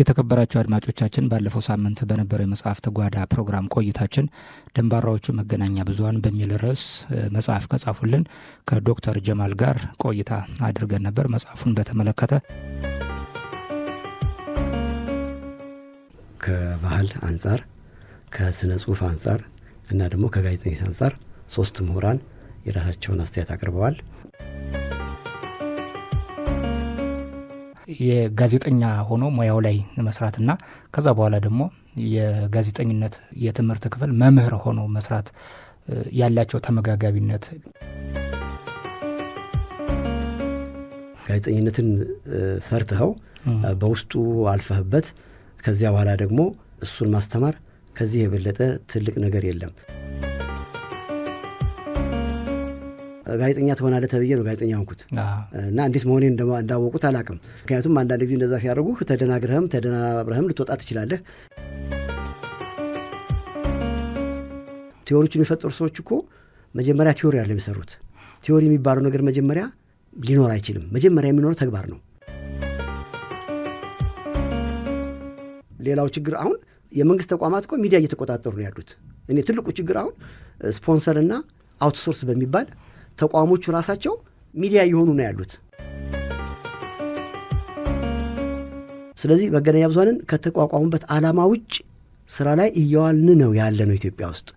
የተከበራቸው አድማጮቻችን ባለፈው ሳምንት በነበረው የመጽሐፍ ተጓዳ ፕሮግራም ቆይታችን ደንባራዎቹ መገናኛ ብዙሀን በሚል ርዕስ መጽሐፍ ከጻፉልን ከዶክተር ጀማል ጋር ቆይታ አድርገን ነበር። መጽሐፉን በተመለከተ ከባህል አንጻር፣ ከስነ ጽሁፍ አንጻር እና ደግሞ ከጋዜጠኞች አንጻር ሶስት ምሁራን የራሳቸውን አስተያየት አቅርበዋል። የጋዜጠኛ ሆኖ ሙያው ላይ መስራትና ከዛ በኋላ ደግሞ የጋዜጠኝነት የትምህርት ክፍል መምህር ሆኖ መስራት ያላቸው ተመጋጋቢነት ጋዜጠኝነትን ሰርትኸው በውስጡ አልፈህበት ከዚያ በኋላ ደግሞ እሱን ማስተማር ከዚህ የበለጠ ትልቅ ነገር የለም። ጋዜጠኛ ትሆናለህ ተብዬ ነው ጋዜጠኛ ሆንኩት እና እንዴት መሆኔን እንዳወቁት አላቅም። ምክንያቱም አንዳንድ ጊዜ እንደዛ ሲያደርጉ ተደናግረህም ተደናብረህም ልትወጣ ትችላለህ። ቲዎሪዎቹን የሚፈጠሩ ሰዎች እኮ መጀመሪያ ቲዎሪ ያለ የሚሰሩት ቴዎሪ የሚባለው ነገር መጀመሪያ ሊኖር አይችልም። መጀመሪያ የሚኖረው ተግባር ነው። ሌላው ችግር አሁን የመንግስት ተቋማት እኮ ሚዲያ እየተቆጣጠሩ ነው ያሉት። እኔ ትልቁ ችግር አሁን ስፖንሰርና አውትሶርስ በሚባል ተቋሞቹ ራሳቸው ሚዲያ እየሆኑ ነው ያሉት። ስለዚህ መገናኛ ብዙኃንን ከተቋቋሙበት ዓላማ ውጭ ስራ ላይ እየዋልን ነው ያለ ነው ኢትዮጵያ ውስጥ።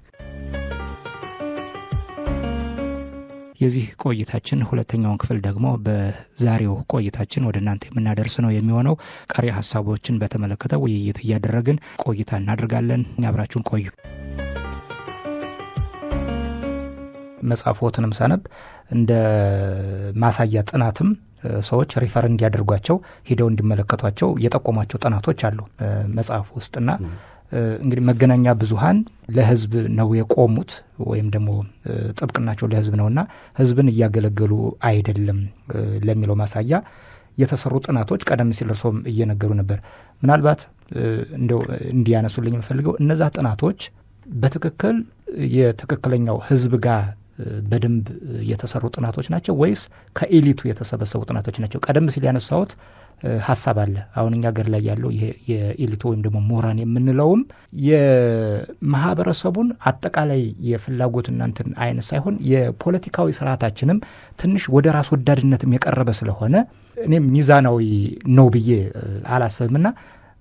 የዚህ ቆይታችን ሁለተኛውን ክፍል ደግሞ በዛሬው ቆይታችን ወደ እናንተ የምናደርስ ነው የሚሆነው። ቀሪ ሀሳቦችን በተመለከተ ውይይት እያደረግን ቆይታ እናደርጋለን። አብራችሁን ቆዩ። መጽሐፎትንም ሳነብ እንደ ማሳያ ጥናትም ሰዎች ሪፈር እንዲያደርጓቸው ሂደው እንዲመለከቷቸው የጠቆሟቸው ጥናቶች አሉ መጽሐፍ ውስጥና እንግዲህ መገናኛ ብዙሀን ለህዝብ ነው የቆሙት ወይም ደግሞ ጥብቅናቸው ለህዝብ ነውና ህዝብን እያገለገሉ አይደለም ለሚለው ማሳያ የተሰሩ ጥናቶች ቀደም ሲል እርሶም እየነገሩ ነበር። ምናልባት እንደው እንዲያነሱልኝ የምፈልገው እነዛ ጥናቶች በትክክል የትክክለኛው ህዝብ ጋር በደንብ የተሰሩ ጥናቶች ናቸው ወይስ ከኤሊቱ የተሰበሰቡ ጥናቶች ናቸው? ቀደም ሲል ያነሳሁት ሀሳብ አለ። አሁን እኛ ሀገር ላይ ያለው ይሄ የኤሊቱ ወይም ደግሞ ምሁራን የምንለውም የማህበረሰቡን አጠቃላይ የፍላጎትና እንትን አይነት ሳይሆን የፖለቲካዊ ስርዓታችንም ትንሽ ወደ ራስ ወዳድነትም የቀረበ ስለሆነ እኔም ሚዛናዊ ነው ብዬ አላስብምና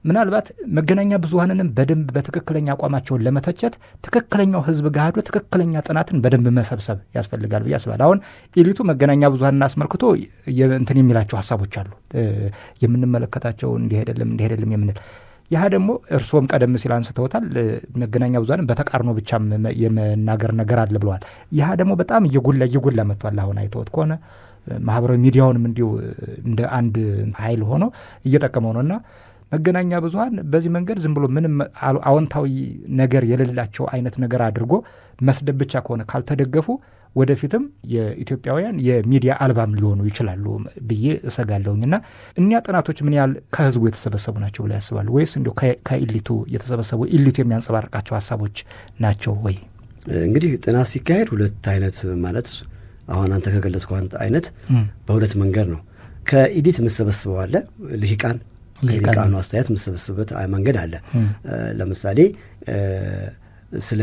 ምናልባት መገናኛ ብዙሀንንም በደንብ በትክክለኛ አቋማቸውን ለመተቸት ትክክለኛው ህዝብ ጋህዶ ትክክለኛ ጥናትን በደንብ መሰብሰብ ያስፈልጋል ብዬ ያስባል አሁን ኤሊቱ መገናኛ ብዙሀንን አስመልክቶ እንትን የሚላቸው ሀሳቦች አሉ። የምንመለከታቸው እንዲህ አይደለም እንዲህ አይደለም የምንል ያህ ደግሞ እርስዎም ቀደም ሲል አንስተውታል። መገናኛ ብዙሀንን በተቃርኖ ብቻ የመናገር ነገር አለ ብለዋል። ያህ ደግሞ በጣም እየጎላ እየጎላ መጥቷል። አሁን አይተወት ከሆነ ማህበራዊ ሚዲያውንም እንዲሁ እንደ አንድ ኃይል ሆኖ እየጠቀመው ነውና መገናኛ ብዙሀን በዚህ መንገድ ዝም ብሎ ምንም አዎንታዊ ነገር የሌላቸው አይነት ነገር አድርጎ መስደብ ብቻ ከሆነ ካልተደገፉ ወደፊትም የኢትዮጵያውያን የሚዲያ አልባም ሊሆኑ ይችላሉ ብዬ እና እኒያ ጥናቶች ምን ያህል ከህዝቡ የተሰበሰቡ ናቸው ብላ ያስባሉ ወይስ እንዲ ከኢሊቱ የተሰበሰቡ ኢሊቱ የሚያንጸባርቃቸው ሀሳቦች ናቸው ወይ? እንግዲህ ጥናት ሲካሄድ ሁለት አይነት ማለት አሁን አንተ ከገለጽከው አይነት በሁለት መንገድ ነው። ከኢዲት የምሰበስበው አለ ልሂቃን ከሊቃኑ አስተያየት የምሰበስብበት መንገድ አለ። ለምሳሌ ስለ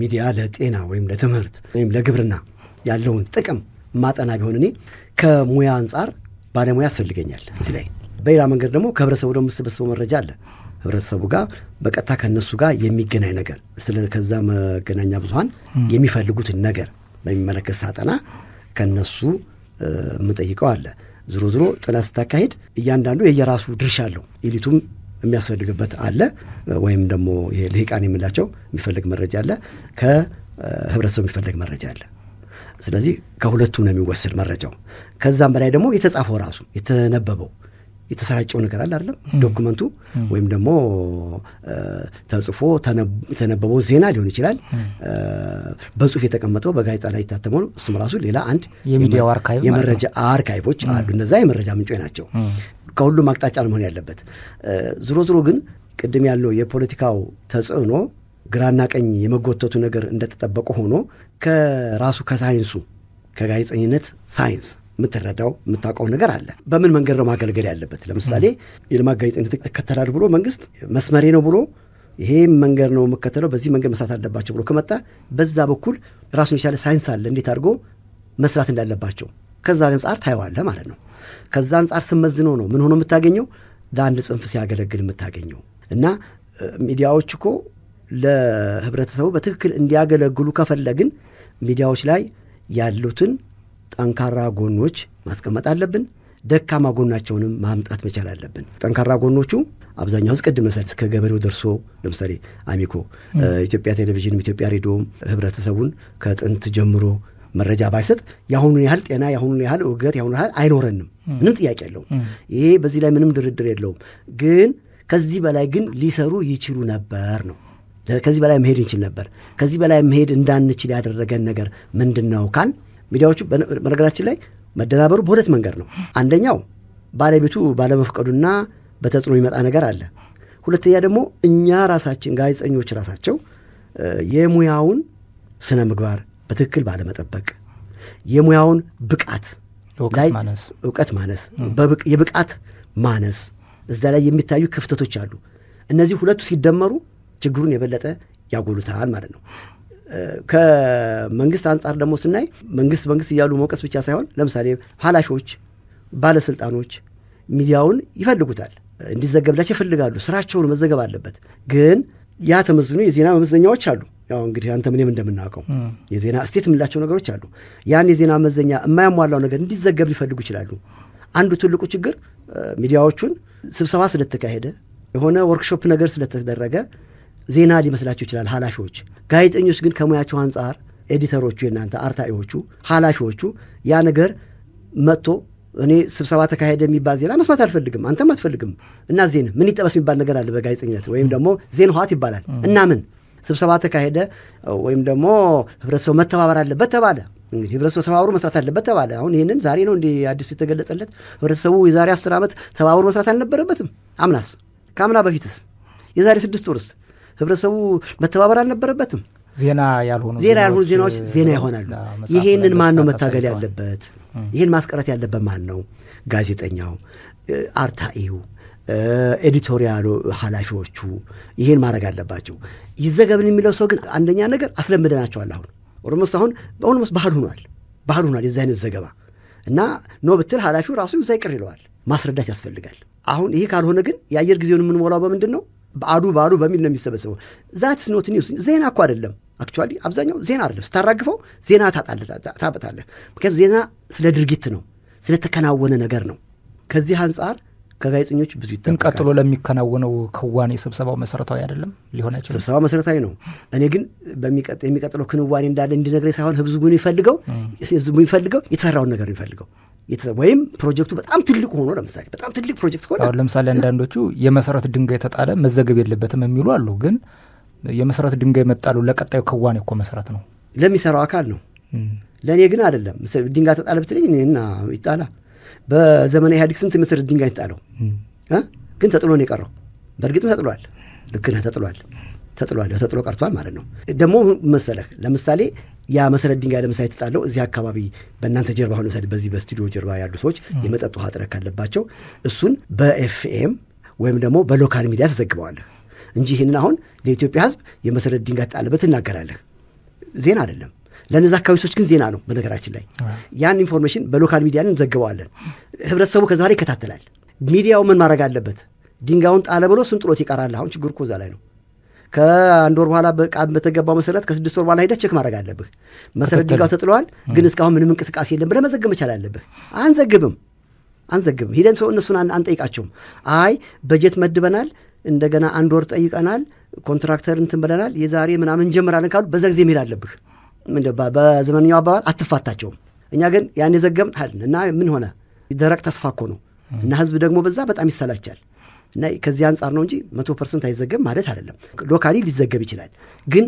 ሚዲያ ለጤና ወይም ለትምህርት ወይም ለግብርና ያለውን ጥቅም ማጠና ቢሆን እኔ ከሙያ አንጻር ባለሙያ ያስፈልገኛል እዚህ ላይ። በሌላ መንገድ ደግሞ ከህብረተሰቡ ደግሞ የምሰበስበው መረጃ አለ ህብረተሰቡ ጋር በቀጥታ ከእነሱ ጋር የሚገናኝ ነገር ስለ ከዛ መገናኛ ብዙሀን የሚፈልጉትን ነገር በሚመለከት ሳጠና ከእነሱ የምጠይቀው አለ። ዝሮ ዝሮ ጥናት ስታካሄድ እያንዳንዱ የየራሱ ድርሻ አለው። ኤሊቱም የሚያስፈልግበት አለ፣ ወይም ደግሞ ልሂቃን የምላቸው የሚፈልግ መረጃ አለ፣ ከህብረተሰቡ የሚፈልግ መረጃ አለ። ስለዚህ ከሁለቱም ነው የሚወሰድ መረጃው። ከዛም በላይ ደግሞ የተጻፈው ራሱ የተነበበው የተሰራጨው ነገር አለ አይደለም ዶክመንቱ ወይም ደግሞ ተጽፎ የተነበበው ዜና ሊሆን ይችላል። በጽሁፍ የተቀመጠው በጋዜጣ ላይ የታተመው እሱም ራሱ ሌላ አንድ የመረጃ አርካይቮች አሉ። እነዛ የመረጃ ምንጮች ናቸው። ከሁሉም አቅጣጫ መሆን ያለበት። ዝሮ ዝሮ ግን ቅድም ያለው የፖለቲካው ተጽዕኖ ግራና ቀኝ የመጎተቱ ነገር እንደተጠበቀ ሆኖ ከራሱ ከሳይንሱ ከጋዜጠኝነት ሳይንስ የምትረዳው የምታውቀው ነገር አለ። በምን መንገድ ነው ማገልገል ያለበት? ለምሳሌ የልማት ጋዜጠኝነት እከተላለሁ ብሎ መንግስት መስመሬ ነው ብሎ ይሄም መንገድ ነው የምከተለው፣ በዚህ መንገድ መስራት አለባቸው ብሎ ከመጣ በዛ በኩል ራሱን የቻለ ሳይንስ አለ፣ እንዴት አድርጎ መስራት እንዳለባቸው ከዛ አንጻር ታየዋለህ ማለት ነው። ከዛ አንጻር ስመዝነው ነው ምን ሆኖ የምታገኘው ለአንድ ጽንፍ ሲያገለግል የምታገኘው እና ሚዲያዎች እኮ ለህብረተሰቡ በትክክል እንዲያገለግሉ ከፈለግን ሚዲያዎች ላይ ያሉትን ጠንካራ ጎኖች ማስቀመጥ አለብን። ደካማ ጎናቸውንም ማምጣት መቻል አለብን። ጠንካራ ጎኖቹ አብዛኛው ህዝብ ቅድም መሰል እስከ ገበሬው ደርሶ ለምሳሌ አሚኮ፣ ኢትዮጵያ ቴሌቪዥንም ኢትዮጵያ ሬዲዮም ህብረተሰቡን ከጥንት ጀምሮ መረጃ ባይሰጥ የአሁኑን ያህል ጤና የአሁኑን ያህል እውቀት የአሁኑን ያህል አይኖረንም። ምንም ጥያቄ የለውም። ይሄ በዚህ ላይ ምንም ድርድር የለውም። ግን ከዚህ በላይ ግን ሊሰሩ ይችሉ ነበር ነው ከዚህ በላይ መሄድ እንችል ነበር። ከዚህ በላይ መሄድ እንዳንችል ያደረገን ነገር ምንድን ነው ካል ሚዲያዎቹ በነገራችን ላይ መደናበሩ በሁለት መንገድ ነው። አንደኛው ባለቤቱ ባለመፍቀዱና በተጽዕኖ የሚመጣ ነገር አለ። ሁለተኛ ደግሞ እኛ ራሳችን ጋዜጠኞች ራሳቸው የሙያውን ስነ ምግባር በትክክል ባለመጠበቅ የሙያውን ብቃት ላይ እውቀት ማነስ፣ የብቃት ማነስ እዛ ላይ የሚታዩ ክፍተቶች አሉ። እነዚህ ሁለቱ ሲደመሩ ችግሩን የበለጠ ያጎሉታል ማለት ነው። ከመንግስት አንጻር ደግሞ ስናይ መንግስት መንግስት እያሉ መውቀስ ብቻ ሳይሆን ለምሳሌ ኃላፊዎች፣ ባለስልጣኖች ሚዲያውን ይፈልጉታል፣ እንዲዘገብላቸው ይፈልጋሉ። ስራቸውን መዘገብ አለበት። ግን ያ ተመዝኖ የዜና መመዘኛዎች አሉ። ያው እንግዲህ አንተ ምንም እንደምናውቀው የዜና እስቴት የምንላቸው ነገሮች አሉ። ያን የዜና መመዘኛ የማያሟላው ነገር እንዲዘገብ ሊፈልጉ ይችላሉ። አንዱ ትልቁ ችግር ሚዲያዎቹን ስብሰባ ስለተካሄደ የሆነ ወርክሾፕ ነገር ስለተደረገ ዜና ሊመስላቸው ይችላል ኃላፊዎች። ጋዜጠኞች ግን ከሙያቸው አንጻር ኤዲተሮቹ፣ የናንተ አርታኢዎቹ፣ ኃላፊዎቹ ያ ነገር መጥቶ እኔ ስብሰባ ተካሄደ የሚባል ዜና መስማት አልፈልግም፣ አንተም አትፈልግም እና ዜን ምን ይጠበስ የሚባል ነገር አለ በጋዜጠኝነት ወይም ደግሞ ዜን ውሀት ይባላል እና ምን ስብሰባ ተካሄደ ወይም ደግሞ ህብረተሰቡ መተባበር አለበት ተባለ። እንግዲህ ህብረተሰቡ ተባብሮ መስራት አለበት ተባለ። አሁን ይህንን ዛሬ ነው እንዲህ አዲስ የተገለጸለት። ህብረተሰቡ የዛሬ አስር ዓመት ተባብሮ መስራት አልነበረበትም? አምናስ? ከአምና በፊትስ? የዛሬ ስድስት ወርስ ህብረተሰቡ መተባበር አልነበረበትም። ዜና ያልሆኑ ዜና ያልሆኑ ዜናዎች ዜና ይሆናሉ። ይሄንን ማን ነው መታገል ያለበት? ይህን ማስቀረት ያለበት ማን ነው? ጋዜጠኛው፣ አርታኢው፣ ኤዲቶሪያሉ ኃላፊዎቹ ይህን ማድረግ አለባቸው። ይዘገብን የሚለው ሰው ግን አንደኛ ነገር አስለምደናቸዋል። አሁን ኦሮሞስ አሁን በኦሮሞስ ባህል ሆኗል፣ ባህል ሆኗል የዚህ አይነት ዘገባ እና ኖ ብትል ኃላፊው ራሱ ይዛ ይቅር ይለዋል። ማስረዳት ያስፈልጋል። አሁን ይሄ ካልሆነ ግን የአየር ጊዜውን የምንሞላው በምንድን ነው? በአዱ በአዱ በሚል ነው የሚሰበሰበው። ዛት ኖት ኒውስ ዜና እኮ አይደለም። አክቹዋ አብዛኛው ዜና አይደለም። ስታራግፈው ዜና ታበጣለህ። ምክንያቱ ዜና ስለ ድርጊት ነው፣ ስለተከናወነ ነገር ነው። ከዚህ አንጻር ከጋዜጠኞች ብዙ ይጠበቃል። ቀጥሎ ለሚከናወነው ክዋኔ ስብሰባው መሰረታዊ አይደለም ሊሆን አይችልም። ስብሰባው መሰረታዊ ነው። እኔ ግን የሚቀጥለው ክንዋኔ እንዳለ እንዲነግረ ሳይሆን ህዝቡ ይፈልገው የተሰራውን ነገር ይፈልገው ወይም ፕሮጀክቱ በጣም ትልቅ ሆኖ ለምሳሌ በጣም ትልቅ ፕሮጀክት ሆነ ለምሳሌ አንዳንዶቹ የመሰረት ድንጋይ ተጣለ መዘገብ የለበትም የሚሉ አሉ። ግን የመሰረት ድንጋይ መጣሉ ለቀጣዩ ክዋኔ እኮ መሰረት ነው፣ ለሚሰራው አካል ነው። ለእኔ ግን አይደለም። ድንጋይ ተጣለ ብትለኝ እና ይጣላ። በዘመነ ኢህአዲግ ስንት መሰረት ድንጋይ ተጣለው፣ ግን ተጥሎ ነው የቀረው። በእርግጥም ተጥሏል። ልክ ተጥሏል ተጥሏል ተጥሎ ቀርቷል ማለት ነው። ደግሞ መሰለህ ለምሳሌ ያ መሰረት ድንጋይ ለምሳሌ የተጣለው እዚህ አካባቢ በእናንተ ጀርባ ሆነ ሰድ በዚህ በስቱዲዮ ጀርባ ያሉ ሰዎች የመጠጥ ውሃ ጥረ ካለባቸው እሱን በኤፍኤም ወይም ደግሞ በሎካል ሚዲያ ተዘግበዋለህ እንጂ ይህንን አሁን ለኢትዮጵያ ህዝብ የመሰረት ድንጋይ ተጣለበት ትናገራለህ። ዜና አይደለም። ለነዚ አካባቢ ሰዎች ግን ዜና ነው። በነገራችን ላይ ያን ኢንፎርሜሽን በሎካል ሚዲያ እንዘግበዋለን። ህብረተሰቡ ከዛ ላይ ይከታተላል። ሚዲያው ምን ማድረግ አለበት? ድንጋዩን ጣለ ብሎ ስም ጥሎት ይቀራል። አሁን ችግር እኮ እዛ ላይ ነው። ከአንድ ወር በኋላ በቃ በተገባው መሰረት ከስድስት ወር በኋላ ሄደህ ቼክ ማድረግ አለብህ። መሰረት ድንጋው ተጥለዋል፣ ግን እስካሁን ምንም እንቅስቃሴ የለም ብለህ መዘግብ መቻል አለብህ። አንዘግብም አንዘግብም። ሂደን ሰው እነሱን አንጠይቃቸውም። አይ በጀት መድበናል፣ እንደገና አንድ ወር ጠይቀናል፣ ኮንትራክተር እንትን ብለናል፣ የዛሬ ምናምን እንጀምራለን ካሉ በዛ ጊዜ መሄድ አለብህ። በዘመንኛው አባባል አትፋታቸውም። እኛ ግን ያን የዘገብን እና ምን ሆነ ደረቅ ተስፋ እኮ ነው እና ህዝብ ደግሞ በዛ በጣም ይሰላቻል። እና ከዚህ አንጻር ነው እንጂ መቶ ፐርሰንት አይዘገብ ማለት አይደለም። ሎካሊ ሊዘገብ ይችላል፣ ግን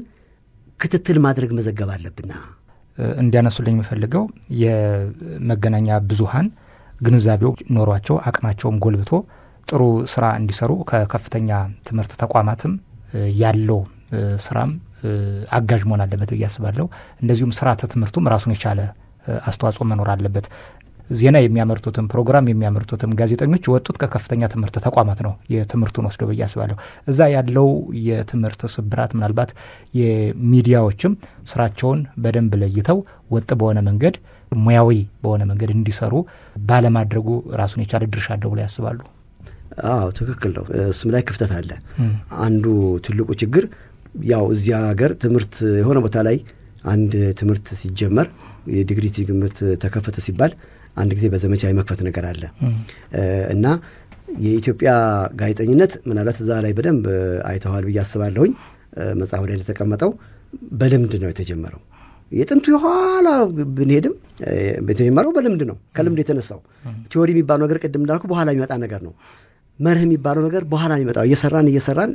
ክትትል ማድረግ መዘገብ አለብና እንዲያነሱልኝ የምፈልገው የመገናኛ ብዙሃን ግንዛቤው ኖሯቸው አቅማቸውም ጎልብቶ ጥሩ ስራ እንዲሰሩ ከከፍተኛ ትምህርት ተቋማትም ያለው ስራም አጋዥ መሆን አለበት ብዬ አስባለሁ። እንደዚሁም ስርዓተ ትምህርቱም ራሱን የቻለ አስተዋጽኦ መኖር አለበት። ዜና የሚያመርቱትም ፕሮግራም የሚያመርቱትም ጋዜጠኞች የወጡት ከከፍተኛ ትምህርት ተቋማት ነው የትምህርቱን ወስዶ ብዬ አስባለሁ። እዛ ያለው የትምህርት ስብራት ምናልባት የሚዲያዎችም ስራቸውን በደንብ ለይተው ወጥ በሆነ መንገድ ሙያዊ በሆነ መንገድ እንዲሰሩ ባለማድረጉ ራሱን የቻለ ድርሻ አለው ብለው ያስባሉ? አዎ ትክክል ነው። እሱም ላይ ክፍተት አለ። አንዱ ትልቁ ችግር ያው እዚያ ሀገር ትምህርት የሆነ ቦታ ላይ አንድ ትምህርት ሲጀመር የዲግሪ ትምህርት ተከፈተ ሲባል አንድ ጊዜ በዘመቻ የመክፈት ነገር አለ እና የኢትዮጵያ ጋዜጠኝነት ምናልባት እዛ ላይ በደንብ አይተዋል ብዬ አስባለሁኝ። መጽሐፉ ላይ እንደተቀመጠው በልምድ ነው የተጀመረው። የጥንቱ የኋላ ብንሄድም የተጀመረው በልምድ ነው፣ ከልምድ የተነሳው። ቲዎሪ የሚባለው ነገር ቅድም እንዳልኩ በኋላ የሚመጣ ነገር ነው። መርህ የሚባለው ነገር በኋላ የሚመጣው እየሰራን እየሰራን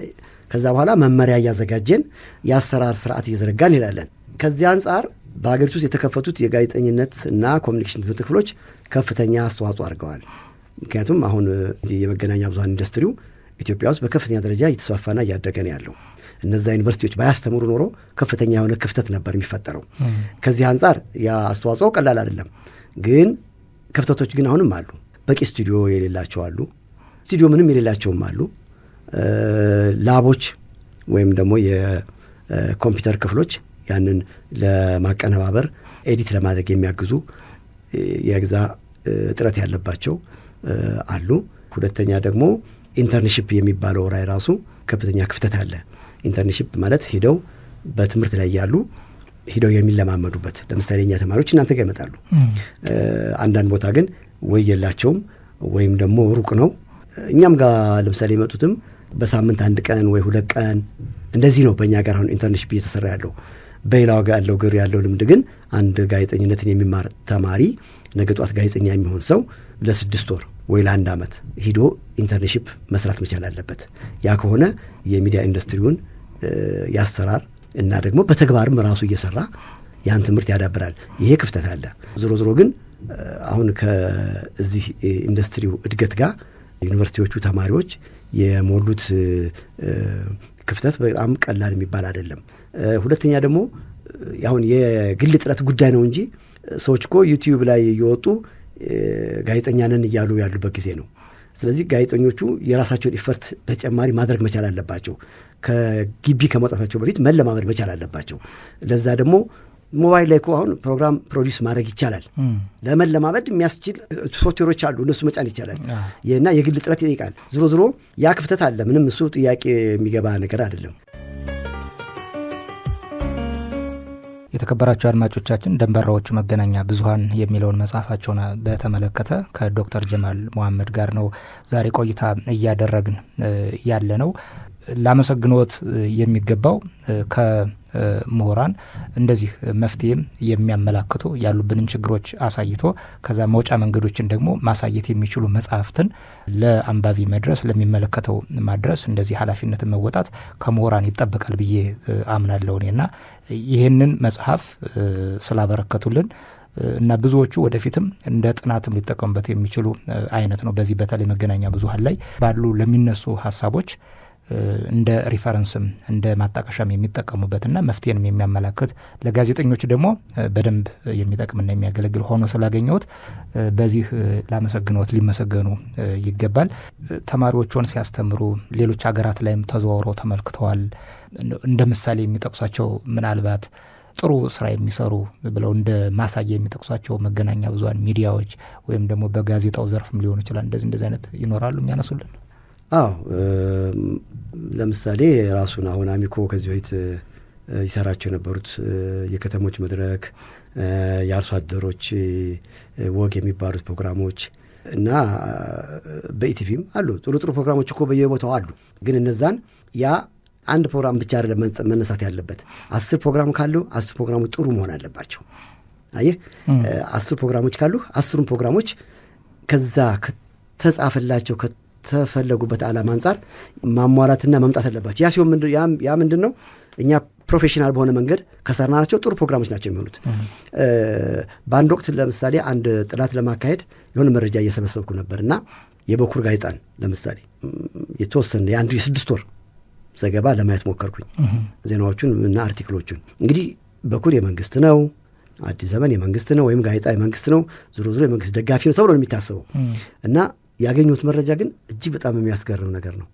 ከዛ በኋላ መመሪያ እያዘጋጀን የአሰራር ስርዓት እየዘረጋን እንሄዳለን። ከዚያ አንጻር በሀገሪቱ ውስጥ የተከፈቱት የጋዜጠኝነት እና ኮሚኒኬሽን ትምህርት ክፍሎች ከፍተኛ አስተዋጽኦ አድርገዋል። ምክንያቱም አሁን የመገናኛ ብዙሀን ኢንዱስትሪው ኢትዮጵያ ውስጥ በከፍተኛ ደረጃ እየተስፋፋና እያደገ ነው ያለው። እነዛ ዩኒቨርሲቲዎች ባያስተምሩ ኖሮ ከፍተኛ የሆነ ክፍተት ነበር የሚፈጠረው። ከዚህ አንጻር ያ አስተዋጽኦ ቀላል አይደለም። ግን ክፍተቶች ግን አሁንም አሉ። በቂ ስቱዲዮ የሌላቸው አሉ። ስቱዲዮ ምንም የሌላቸውም አሉ። ላቦች ወይም ደግሞ የኮምፒውተር ክፍሎች ያንን ለማቀነባበር ኤዲት ለማድረግ የሚያግዙ የግዛ እጥረት ያለባቸው አሉ። ሁለተኛ ደግሞ ኢንተርንሽፕ የሚባለው ራይ ራሱ ከፍተኛ ክፍተት አለ። ኢንተርንሽፕ ማለት ሂደው በትምህርት ላይ ያሉ ሂደው የሚለማመዱበት ለምሳሌ እኛ ተማሪዎች እናንተ ጋር ይመጣሉ። አንዳንድ ቦታ ግን ወይ የላቸውም ወይም ደግሞ ሩቅ ነው። እኛም ጋር ለምሳሌ የመጡትም በሳምንት አንድ ቀን ወይ ሁለት ቀን እንደዚህ ነው። በእኛ ጋር አሁን ኢንተርንሽፕ እየተሰራ ያለው በሌላው ያለው ግር ያለው ልምድ ግን አንድ ጋዜጠኝነትን የሚማር ተማሪ ነገ ጧት ጋዜጠኛ የሚሆን ሰው ለስድስት ወር ወይ ለአንድ ዓመት ሂዶ ኢንተርንሽፕ መስራት መቻል አለበት። ያ ከሆነ የሚዲያ ኢንዱስትሪውን ያሰራር እና ደግሞ በተግባርም ራሱ እየሰራ ያን ትምህርት ያዳብራል። ይሄ ክፍተት አለ። ዞሮ ዞሮ ግን አሁን ከዚህ ኢንዱስትሪው እድገት ጋር ዩኒቨርሲቲዎቹ ተማሪዎች የሞሉት ክፍተት በጣም ቀላል የሚባል አይደለም። ሁለተኛ ደግሞ አሁን የግል ጥረት ጉዳይ ነው እንጂ ሰዎች እኮ ዩቲዩብ ላይ እየወጡ ጋዜጠኛ ነን እያሉ ያሉበት ጊዜ ነው። ስለዚህ ጋዜጠኞቹ የራሳቸውን ኢፈርት በተጨማሪ ማድረግ መቻል አለባቸው። ከግቢ ከመውጣታቸው በፊት መለማመድ መቻል አለባቸው። ለዛ ደግሞ ሞባይል ላይ እኮ አሁን ፕሮግራም ፕሮዲስ ማድረግ ይቻላል። ለመለማመድ የሚያስችል ሶፍትዌሮች አሉ፣ እነሱ መጫን ይቻላል እና የግል ጥረት ይጠይቃል። ዝሮ ዝሮ ያ ክፍተት አለ። ምንም እሱ ጥያቄ የሚገባ ነገር አይደለም። የተከበራቸው አድማጮቻችን ደንበራዎቹ መገናኛ ብዙኃን የሚለውን መጽሐፋቸውን በተመለከተ ከዶክተር ጀማል መሐመድ ጋር ነው ዛሬ ቆይታ እያደረግን ያለ ነው። ላመሰግኖት የሚገባው ከምሁራን እንደዚህ መፍትሄም የሚያመላክቱ ያሉብንን ችግሮች አሳይቶ ከዛ መውጫ መንገዶችን ደግሞ ማሳየት የሚችሉ መጽሐፍትን ለአንባቢ መድረስ፣ ለሚመለከተው ማድረስ እንደዚህ ኃላፊነትን መወጣት ከምሁራን ይጠበቃል ብዬ አምናለሁ እኔና ይህንን መጽሐፍ ስላበረከቱልን እና ብዙዎቹ ወደፊትም እንደ ጥናትም ሊጠቀሙበት የሚችሉ አይነት ነው። በዚህ በተለይ መገናኛ ብዙሀን ላይ ባሉ ለሚነሱ ሀሳቦች እንደ ሪፈረንስም እንደ ማጣቀሻም የሚጠቀሙበትና መፍትሄንም የሚያመላክት ለጋዜጠኞች ደግሞ በደንብ የሚጠቅምና የሚያገለግል ሆኖ ስላገኘሁት በዚህ ላመሰግነዎት ሊመሰገኑ ይገባል። ተማሪዎችን ሲያስተምሩ ሌሎች ሀገራት ላይም ተዘዋውረው ተመልክተዋል። እንደ ምሳሌ የሚጠቅሷቸው ምናልባት ጥሩ ስራ የሚሰሩ ብለው እንደ ማሳያ የሚጠቅሷቸው መገናኛ ብዙኃን ሚዲያዎች ወይም ደግሞ በጋዜጣው ዘርፍም ሊሆኑ ይችላል። እንደዚህ እንደዚህ አይነት ይኖራሉ የሚያነሱልን አዎ ለምሳሌ ራሱን አሁን አሚኮ ከዚህ በፊት ይሰራቸው የነበሩት የከተሞች መድረክ፣ የአርሶ አደሮች ወግ የሚባሉት ፕሮግራሞች እና በኢቲቪም አሉ። ጥሩ ጥሩ ፕሮግራሞች እኮ በየቦታው አሉ። ግን እነዛን ያ አንድ ፕሮግራም ብቻ አይደለም መነሳት ያለበት። አስር ፕሮግራም ካሉ አስር ፕሮግራሞች ጥሩ መሆን አለባቸው። አየህ፣ አስር ፕሮግራሞች ካሉ አስሩን ፕሮግራሞች ከዛ ከተጻፈላቸው ከተፈለጉበት ዓላማ አንጻር ማሟላትና መምጣት አለባቸው። ያ ሲሆን ያ ምንድን ነው እኛ ፕሮፌሽናል በሆነ መንገድ ከሰራናቸው ጥሩ ፕሮግራሞች ናቸው የሚሆኑት። በአንድ ወቅት ለምሳሌ አንድ ጥናት ለማካሄድ የሆነ መረጃ እየሰበሰብኩ ነበር እና የበኩር ጋዜጣን ለምሳሌ የተወሰነ የአንድ የስድስት ወር ዘገባ ለማየት ሞከርኩኝ። ዜናዎቹን እና አርቲክሎቹን እንግዲህ በኩር የመንግስት ነው፣ አዲስ ዘመን የመንግስት ነው፣ ወይም ጋዜጣ የመንግስት ነው፣ ዝሮ ዝሮ የመንግስት ደጋፊ ነው ተብሎ ነው የሚታሰበው እና ያገኙት መረጃ ግን እጅግ በጣም የሚያስገርም ነገር ነው።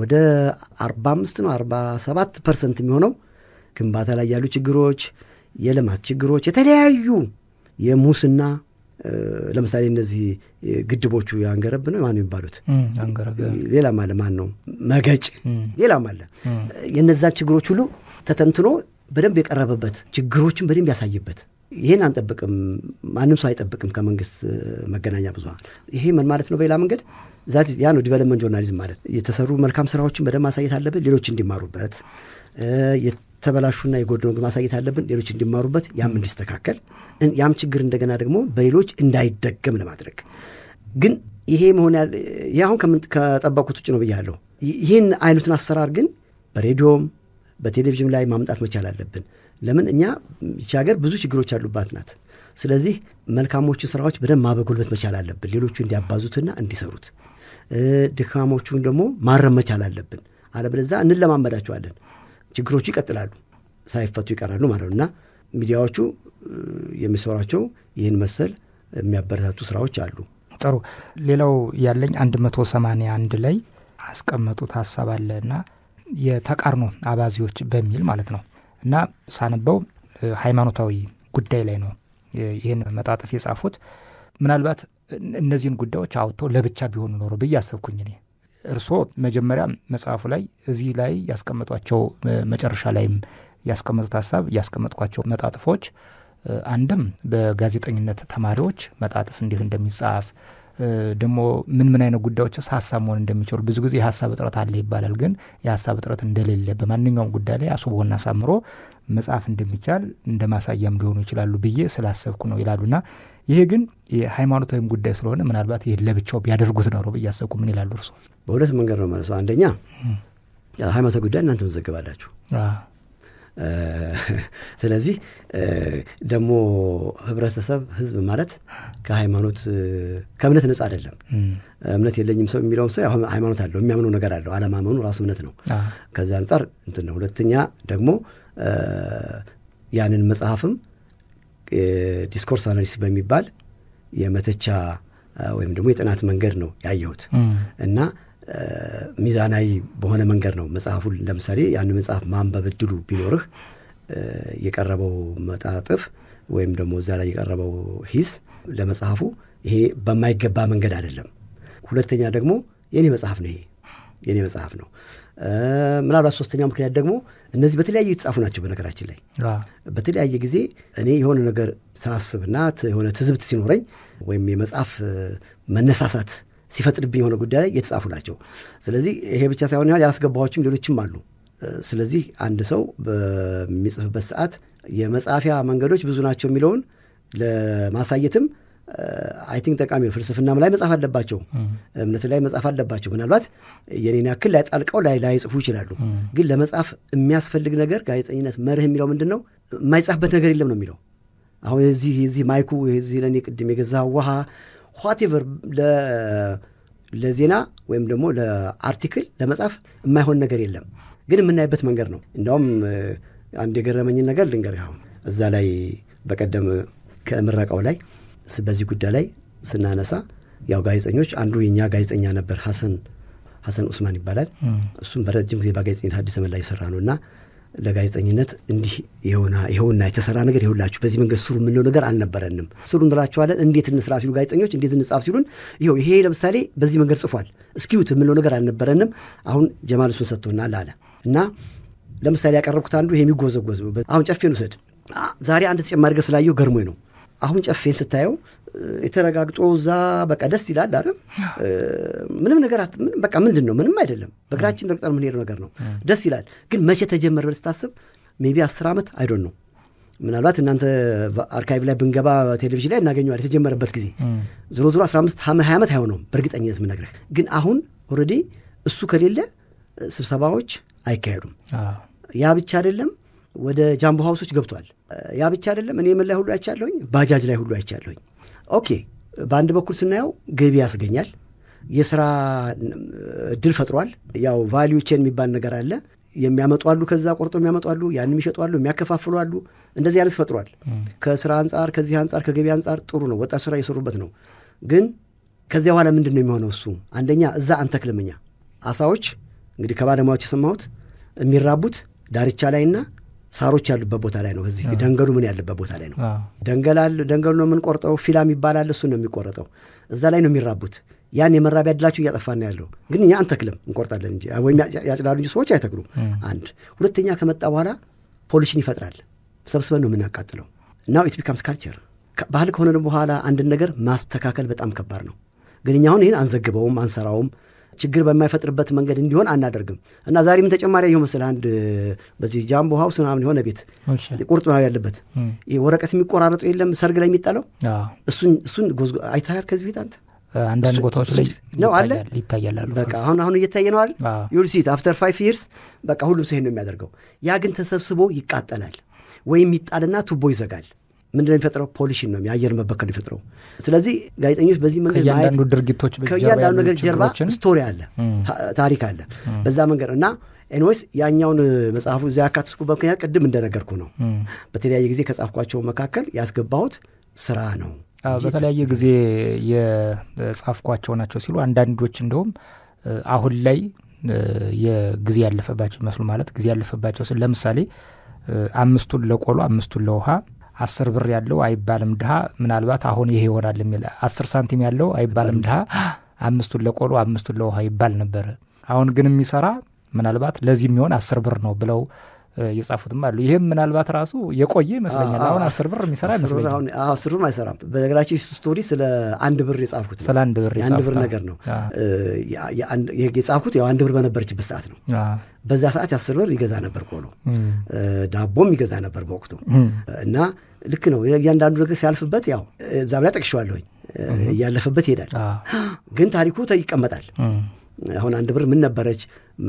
ወደ 45 ነው 47 ፐርሰንት የሚሆነው ግንባታ ላይ ያሉ ችግሮች፣ የልማት ችግሮች፣ የተለያዩ የሙስና ለምሳሌ እነዚህ ግድቦቹ ያንገረብ ነው ማነው የሚባሉት፣ ሌላም አለ ማን ነው መገጭ፣ ሌላም አለ። የነዛን ችግሮች ሁሉ ተተንትኖ በደንብ የቀረበበት ችግሮችን በደንብ ያሳይበት ይህን አንጠብቅም፣ ማንም ሰው አይጠብቅም ከመንግስት መገናኛ ብዙሀን። ይሄ ምን ማለት ነው? በሌላ መንገድ ያ ነው ዲቨሎፕመንት ጆርናሊዝም ማለት። የተሰሩ መልካም ስራዎችን በደንብ ማሳየት አለብን፣ ሌሎች እንዲማሩበት። የተበላሹና የጎደሉ ማሳየት አለብን፣ ሌሎች እንዲማሩበት፣ ያም እንዲስተካከል፣ ያም ችግር እንደገና ደግሞ በሌሎች እንዳይደገም ለማድረግ ግን ይሄ መሆን ያ አሁን ከጠበቁት ውጭ ነው ብያለሁ። ይህን አይነቱን አሰራር ግን በሬዲዮም በቴሌቪዥን ላይ ማምጣት መቻል አለብን። ለምን እኛ ይቺ ሀገር ብዙ ችግሮች ያሉባት ናት። ስለዚህ መልካሞቹ ስራዎች በደንብ ማበጎልበት መቻል አለብን። ሌሎቹ እንዲያባዙትና እንዲሰሩት፣ ድካሞቹን ደግሞ ማረም መቻል አለብን። አለበለዛ እንለማመዳቸዋለን፣ ችግሮቹ ይቀጥላሉ፣ ሳይፈቱ ይቀራሉ ማለት ነው እና ሚዲያዎቹ የሚሰሯቸው ይህን መሰል የሚያበረታቱ ስራዎች አሉ። ጥሩ። ሌላው ያለኝ 181 ላይ አስቀመጡት ሀሳብ አለ እና የተቃርኖ አባዚዎች በሚል ማለት ነው እና ሳነበው ሃይማኖታዊ ጉዳይ ላይ ነው ይህን መጣጥፍ የጻፉት። ምናልባት እነዚህን ጉዳዮች አውጥተው ለብቻ ቢሆኑ ኖሮ ብዬ አሰብኩኝ እኔ። እርስዎ መጀመሪያ መጽሐፉ ላይ እዚህ ላይ ያስቀመጧቸው መጨረሻ ላይም ያስቀመጡት ሀሳብ ያስቀመጥኳቸው መጣጥፎች አንድም በጋዜጠኝነት ተማሪዎች መጣጥፍ እንዴት እንደሚጻፍ ደግሞ ምን ምን አይነት ጉዳዮችስ ሀሳብ መሆን እንደሚችሉ ብዙ ጊዜ የሀሳብ እጥረት አለ ይባላል። ግን የሀሳብ እጥረት እንደሌለ በማንኛውም ጉዳይ ላይ አስቦና አሳምሮ መጽሐፍ እንደሚቻል እንደ ማሳያም ሊሆኑ ይችላሉ ብዬ ስላሰብኩ ነው ይላሉና ይሄ ግን የሃይማኖታዊም ጉዳይ ስለሆነ ምናልባት ይህ ለብቻው ቢያደርጉት ነው ብዬ አሰብኩ። ምን ይላሉ እርሶ? በሁለት መንገድ ነው ማለት አንደኛ ሃይማኖታዊ ጉዳይ እናንተ መዘግባላችሁ ስለዚህ ደግሞ ህብረተሰብ ህዝብ ማለት ከሃይማኖት ከእምነት ነጻ አይደለም። እምነት የለኝም ሰው የሚለውም ሰው ሃይማኖት አለው፣ የሚያምነው ነገር አለው። አለማመኑ ራሱ እምነት ነው። ከዚህ አንጻር እንትን ነው። ሁለተኛ ደግሞ ያንን መጽሐፍም ዲስኮርስ አናሊስ በሚባል የመተቻ ወይም ደግሞ የጥናት መንገድ ነው ያየሁት እና ሚዛናዊ በሆነ መንገድ ነው መጽሐፉን ለምሳሌ ያን መጽሐፍ ማንበብ እድሉ ቢኖርህ የቀረበው መጣጥፍ ወይም ደግሞ እዛ ላይ የቀረበው ሂስ ለመጽሐፉ ይሄ በማይገባ መንገድ አይደለም። ሁለተኛ ደግሞ የኔ መጽሐፍ ነው፣ ይሄ የኔ መጽሐፍ ነው። ምናልባት ሶስተኛው ምክንያት ደግሞ እነዚህ በተለያየ የተጻፉ ናቸው። በነገራችን ላይ በተለያየ ጊዜ እኔ የሆነ ነገር ሳስብና የሆነ ትዝብት ሲኖረኝ ወይም የመጽሐፍ መነሳሳት ሲፈጥድብኝ የሆነ ጉዳይ ላይ የተጻፉ ናቸው። ስለዚህ ይሄ ብቻ ሳይሆን ያህል ያስገባዎችም ሌሎችም አሉ። ስለዚህ አንድ ሰው በሚጽፍበት ሰዓት የመጻፊያ መንገዶች ብዙ ናቸው የሚለውን ለማሳየትም አይ ቲንክ ጠቃሚ ነው። ፍልስፍናም ላይ መጻፍ አለባቸው፣ እምነት ላይ መጻፍ አለባቸው። ምናልባት የኔን ያክል ላይ ጣልቀው ላይ ላይጽፉ ይችላሉ። ግን ለመጻፍ የሚያስፈልግ ነገር ጋዜጠኝነት መርህ የሚለው ምንድን ነው? የማይጻፍበት ነገር የለም ነው የሚለው። አሁን የዚህ የዚህ ማይኩ የዚህ ለእኔ ቅድም የገዛ ውሃ ኋቴቨር ለዜና ወይም ደግሞ ለአርቲክል ለመጻፍ የማይሆን ነገር የለም፣ ግን የምናይበት መንገድ ነው። እንዲሁም አንድ የገረመኝን ነገር ልንገር እዛ ላይ በቀደም ከምረቃው ላይ በዚህ ጉዳይ ላይ ስናነሳ ያው ጋዜጠኞች አንዱ የኛ ጋዜጠኛ ነበር ሀሰን ሀሰን ኡስማን ይባላል። እሱም በረጅም ጊዜ በጋዜጠኝነት አዲስ ዘመን ላይ የሰራ ነው እና ለጋዜጠኝነት እንዲህ ይኸውና የተሰራ ነገር ይኸውላችሁ በዚህ መንገድ ስሩ የምንለው ነገር አልነበረንም። ስሩ እንላቸዋለን። እንዴት እንስራ ሲሉ ጋዜጠኞች እንዴት እንጻፍ ሲሉን ይኸው ይሄ ለምሳሌ በዚህ መንገድ ጽፏል እስኪዩት የምንለው ነገር አልነበረንም። አሁን ጀማል እሱን ሰጥቶናል አለ እና ለምሳሌ ያቀረብኩት አንዱ ይሄ የሚጎዘጎዝ አሁን ጨፌን ውሰድ ዛሬ አንድ ተጨማሪ ገር ስላየሁ ገርሞኝ ነው። አሁን ጨፌን ስታየው የተረጋግጦ እዛ በቃ ደስ ይላል አይደል? ምንም ነገር በቃ ምንድን ነው ምንም አይደለም። በእግራችን ረግጠን የምንሄደው ነገር ነው። ደስ ይላል። ግን መቼ ተጀመረ ብለህ ስታስብ ሜቢ አስር ዓመት አይዶን ነው ምናልባት እናንተ አርካይቭ ላይ ብንገባ ቴሌቪዥን ላይ እናገኘዋል የተጀመረበት ጊዜ ዞሮ ዞሮ 15 20 ዓመት አይሆነውም በእርግጠኝነት የምነግርህ። ግን አሁን ኦረዲ እሱ ከሌለ ስብሰባዎች አይካሄዱም። ያ ብቻ አይደለም፣ ወደ ጃምቦ ሀውሶች ገብቷል። ያ ብቻ አይደለም። እኔ ምን ላይ ሁሉ አይቻለሁኝ፣ ባጃጅ ላይ ሁሉ አይቻለሁኝ። ኦኬ በአንድ በኩል ስናየው ገቢ ያስገኛል፣ የስራ እድል ፈጥሯል። ያው ቫሊዩ ቼን የሚባል ነገር አለ። የሚያመጡ አሉ፣ ከዛ ቆርጦ የሚያመጡ አሉ፣ ያን የሚሸጡ አሉ፣ የሚያከፋፍሉ አሉ። እንደዚህ አይነት ፈጥሯል። ከስራ አንጻር፣ ከዚህ አንጻር፣ ከገቢ አንጻር ጥሩ ነው። ወጣቱ ስራ እየሰሩበት ነው። ግን ከዚያ በኋላ ምንድን ነው የሚሆነው? እሱ አንደኛ እዛ አንተክልምኛ አሳዎች እንግዲህ ከባለሙያዎች የሰማሁት የሚራቡት ዳርቻ ላይና ሳሮች ያሉበት ቦታ ላይ ነው። እዚህ ደንገሉ ምን ያለበት ቦታ ላይ ነው። ደንገላል ደንገሉ ነው የምንቆርጠው። ፊላም ይባላል። እሱ ነው የሚቆረጠው። እዛ ላይ ነው የሚራቡት። ያን የመራቢያ ዕድላቸው እያጠፋን ነው ያለው። ግን እኛ አንተክልም፣ እንቆርጣለን እንጂ ወይም ያጭዳሉ እንጂ ሰዎች አይተክሉም። አንድ ሁለተኛ፣ ከመጣ በኋላ ፖሊሽን ይፈጥራል። ሰብስበን ነው የምናቃጥለው። ናው ኢት ቢካምስ ካልቸር። ባህል ከሆነ በኋላ አንድን ነገር ማስተካከል በጣም ከባድ ነው። ግን እኛ አሁን ይህን አንዘግበውም፣ አንሰራውም ችግር በማይፈጥርበት መንገድ እንዲሆን አናደርግም እና ዛሬም ተጨማሪ ይሁ መስል አንድ በዚህ ጃምቦ ሀውስ ምናምን የሆነ ቤት ቁርጥ ነው ያለበት ወረቀት የሚቆራረጡ የለም ሰርግ ላይ የሚጣለው እሱን እሱን አይታያል ከዚህ ቤት አንተ አንዳንድ ቦታዎች ላይ ነው አለ ይታያላሉ። በቃ አሁን አሁን እየታየ ነው አለ ዩኒሲት አፍተር ፋይቭ ይርስ በቃ ሁሉም ሰው ነው የሚያደርገው። ያ ግን ተሰብስቦ ይቃጠላል ወይም ይጣልና ቱቦ ይዘጋል። ምንድነው የሚፈጥረው? ፖሊሽን ነው የአየር መበከል የሚፈጥረው። ስለዚህ ጋዜጠኞች በዚህ መንገድ ከእያንዳንዱ ድርጊቶች ከእያንዳንዱ ነገር ጀርባ ስቶሪ አለ፣ ታሪክ አለ። በዛ መንገድ እና ኤንዌይስ ያኛውን መጽሐፉ እዚያ ያካተትኩ በምክንያት ቅድም እንደነገርኩ ነው። በተለያየ ጊዜ ከጻፍኳቸው መካከል ያስገባሁት ስራ ነው። በተለያየ ጊዜ የጻፍኳቸው ናቸው ሲሉ አንዳንዶች እንደውም አሁን ላይ የጊዜ ያለፈባቸው ይመስሉ ማለት ጊዜ ያለፈባቸው ስል ለምሳሌ አምስቱን ለቆሎ አምስቱን ለውሃ አስር ብር ያለው አይባልም ድሃ ምናልባት አሁን ይሄ ይሆናል የሚል አስር ሳንቲም ያለው አይባልም ድሃ አምስቱን ለቆሎ አምስቱን ለውሃ ይባል ነበር አሁን ግን የሚሰራ ምናልባት ለዚህ የሚሆን አስር ብር ነው ብለው የጻፉትም አሉ። ይህም ምናልባት ራሱ የቆየ ይመስለኛል። አሁን አስር ብር የሚሰራ ይመስለኛል። አስር ብር አይሰራም። በነገራችን ስቶሪ ስለ አንድ ብር የጻፍኩት ስለ አንድ ብር የአንድ ብር ነገር ነው የጻፍኩት። ያው አንድ ብር በነበረችበት ሰዓት ነው። በዛ ሰዓት የአስር ብር ይገዛ ነበር ቆሎ፣ ዳቦም ይገዛ ነበር በወቅቱ እና ልክ ነው። እያንዳንዱ ነገር ሲያልፍበት ያው እዛም ላይ ጠቅሸዋለሁኝ እያለፈበት ይሄዳል። ግን ታሪኩ ይቀመጣል። አሁን አንድ ብር ምን ነበረች፣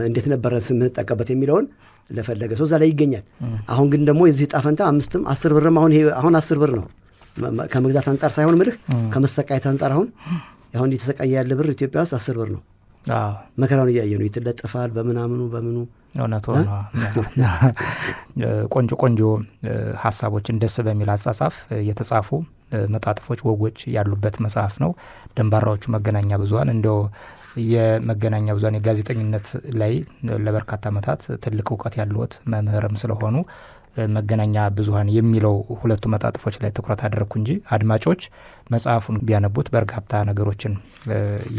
እንዴት ነበረ የምንጠቀበት የሚለውን ለፈለገ ሰው እዛ ላይ ይገኛል። አሁን ግን ደግሞ የዚህ ጣፈንታ አምስትም አስር ብርም አሁን አሁን አስር ብር ነው ከመግዛት አንጻር ሳይሆን ምልህ ከመሰቃየት አንጻር አሁን አሁን እየተሰቃየ ያለ ብር ኢትዮጵያ ውስጥ አስር ብር ነው። መከራውን እያየ ነው። ይትለጠፋል በምናምኑ በምኑ እውነቱ ቆንጆ ቆንጆ ሀሳቦችን ደስ በሚል አጻጻፍ የተጻፉ መጣጥፎች፣ ወጎች ያሉበት መጽሐፍ ነው። ደንባራዎቹ መገናኛ ብዙኃን እንደው የመገናኛ ብዙኃን የጋዜጠኝነት ላይ ለበርካታ ዓመታት ትልቅ እውቀት ያለዎት መምህርም ስለሆኑ መገናኛ ብዙኃን የሚለው ሁለቱ መጣጥፎች ላይ ትኩረት አደረግኩ እንጂ አድማጮች መጽሐፉን ቢያነቡት በርካታ ነገሮችን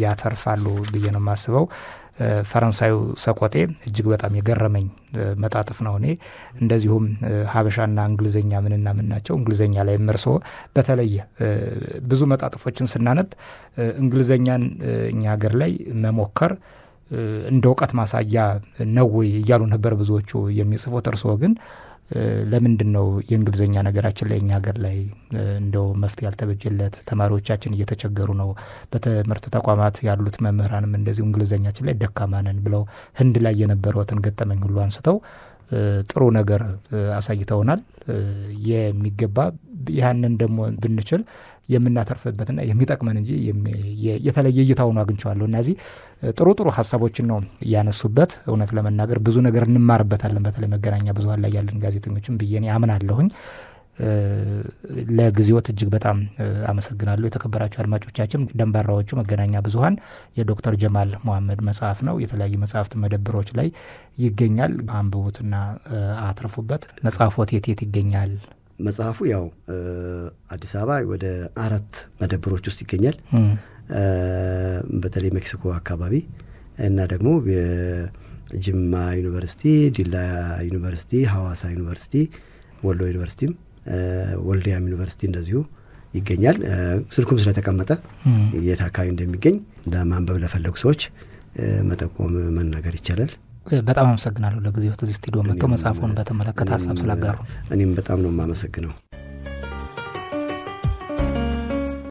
ያተርፋሉ ብዬ ነው የማስበው። ፈረንሳዩ ሰቆጤ እጅግ በጣም የገረመኝ መጣጥፍ ነው። እኔ እንደዚሁም ሀበሻና እንግሊዝኛ ምንና ምን ናቸው። እንግሊዝኛ ላይ መርሶ በተለየ ብዙ መጣጥፎችን ስናነብ እንግሊዝኛን እኛ ሀገር ላይ መሞከር እንደ እውቀት ማሳያ ነው ወይ እያሉ ነበር ብዙዎቹ የሚጽፉት። እርስዎ ግን ለምንድን ነው የእንግሊዝኛ ነገራችን ላይ እኛ ሀገር ላይ እንደው መፍትሄ ያልተበጀለት? ተማሪዎቻችን እየተቸገሩ ነው፣ በትምህርት ተቋማት ያሉት መምህራንም እንደዚሁ እንግሊዝኛችን ላይ ደካማነን ብለው ህንድ ላይ የነበረውትን ገጠመኝ ሁሉ አንስተው ጥሩ ነገር አሳይተውናል። የሚገባ ያንን ደግሞ ብንችል የምናተርፍበትና የሚጠቅመን እንጂ የተለየ እይታውን አግኝቸዋለሁ። እነዚህ ጥሩ ጥሩ ሀሳቦችን ነው ያነሱበት። እውነት ለመናገር ብዙ ነገር እንማርበታለን፣ በተለይ መገናኛ ብዙሃን ላይ ያለን ጋዜጠኞችን ብዬ እኔ አምናለሁኝ። ለጊዜዎት እጅግ በጣም አመሰግናለሁ። የተከበራቸው አድማጮቻችን ደንባራዎቹ መገናኛ ብዙሀን የዶክተር ጀማል መሐመድ መጽሐፍ ነው። የተለያዩ መጽሐፍት መደብሮች ላይ ይገኛል። አንብቡትና አትርፉበት። መጽሐፎት የት የት ይገኛል? መጽሐፉ ያው አዲስ አበባ ወደ አራት መደብሮች ውስጥ ይገኛል። በተለይ ሜክሲኮ አካባቢ እና ደግሞ ጅማ ዩኒቨርሲቲ፣ ዲላ ዩኒቨርሲቲ፣ ሀዋሳ ዩኒቨርሲቲ፣ ወሎ ዩኒቨርሲቲም ወልዲያም ዩኒቨርሲቲ እንደዚሁ ይገኛል። ስልኩም ስለተቀመጠ የት አካባቢ እንደሚገኝ ለማንበብ ለፈለጉ ሰዎች መጠቆም መናገር ይቻላል። በጣም አመሰግናለሁ ለጊዜው እዚህ ስቱዲዮ መጥተው መጽሐፉን በተመለከተ ሀሳብ ስላጋሩ። እኔም በጣም ነው የማመሰግነው።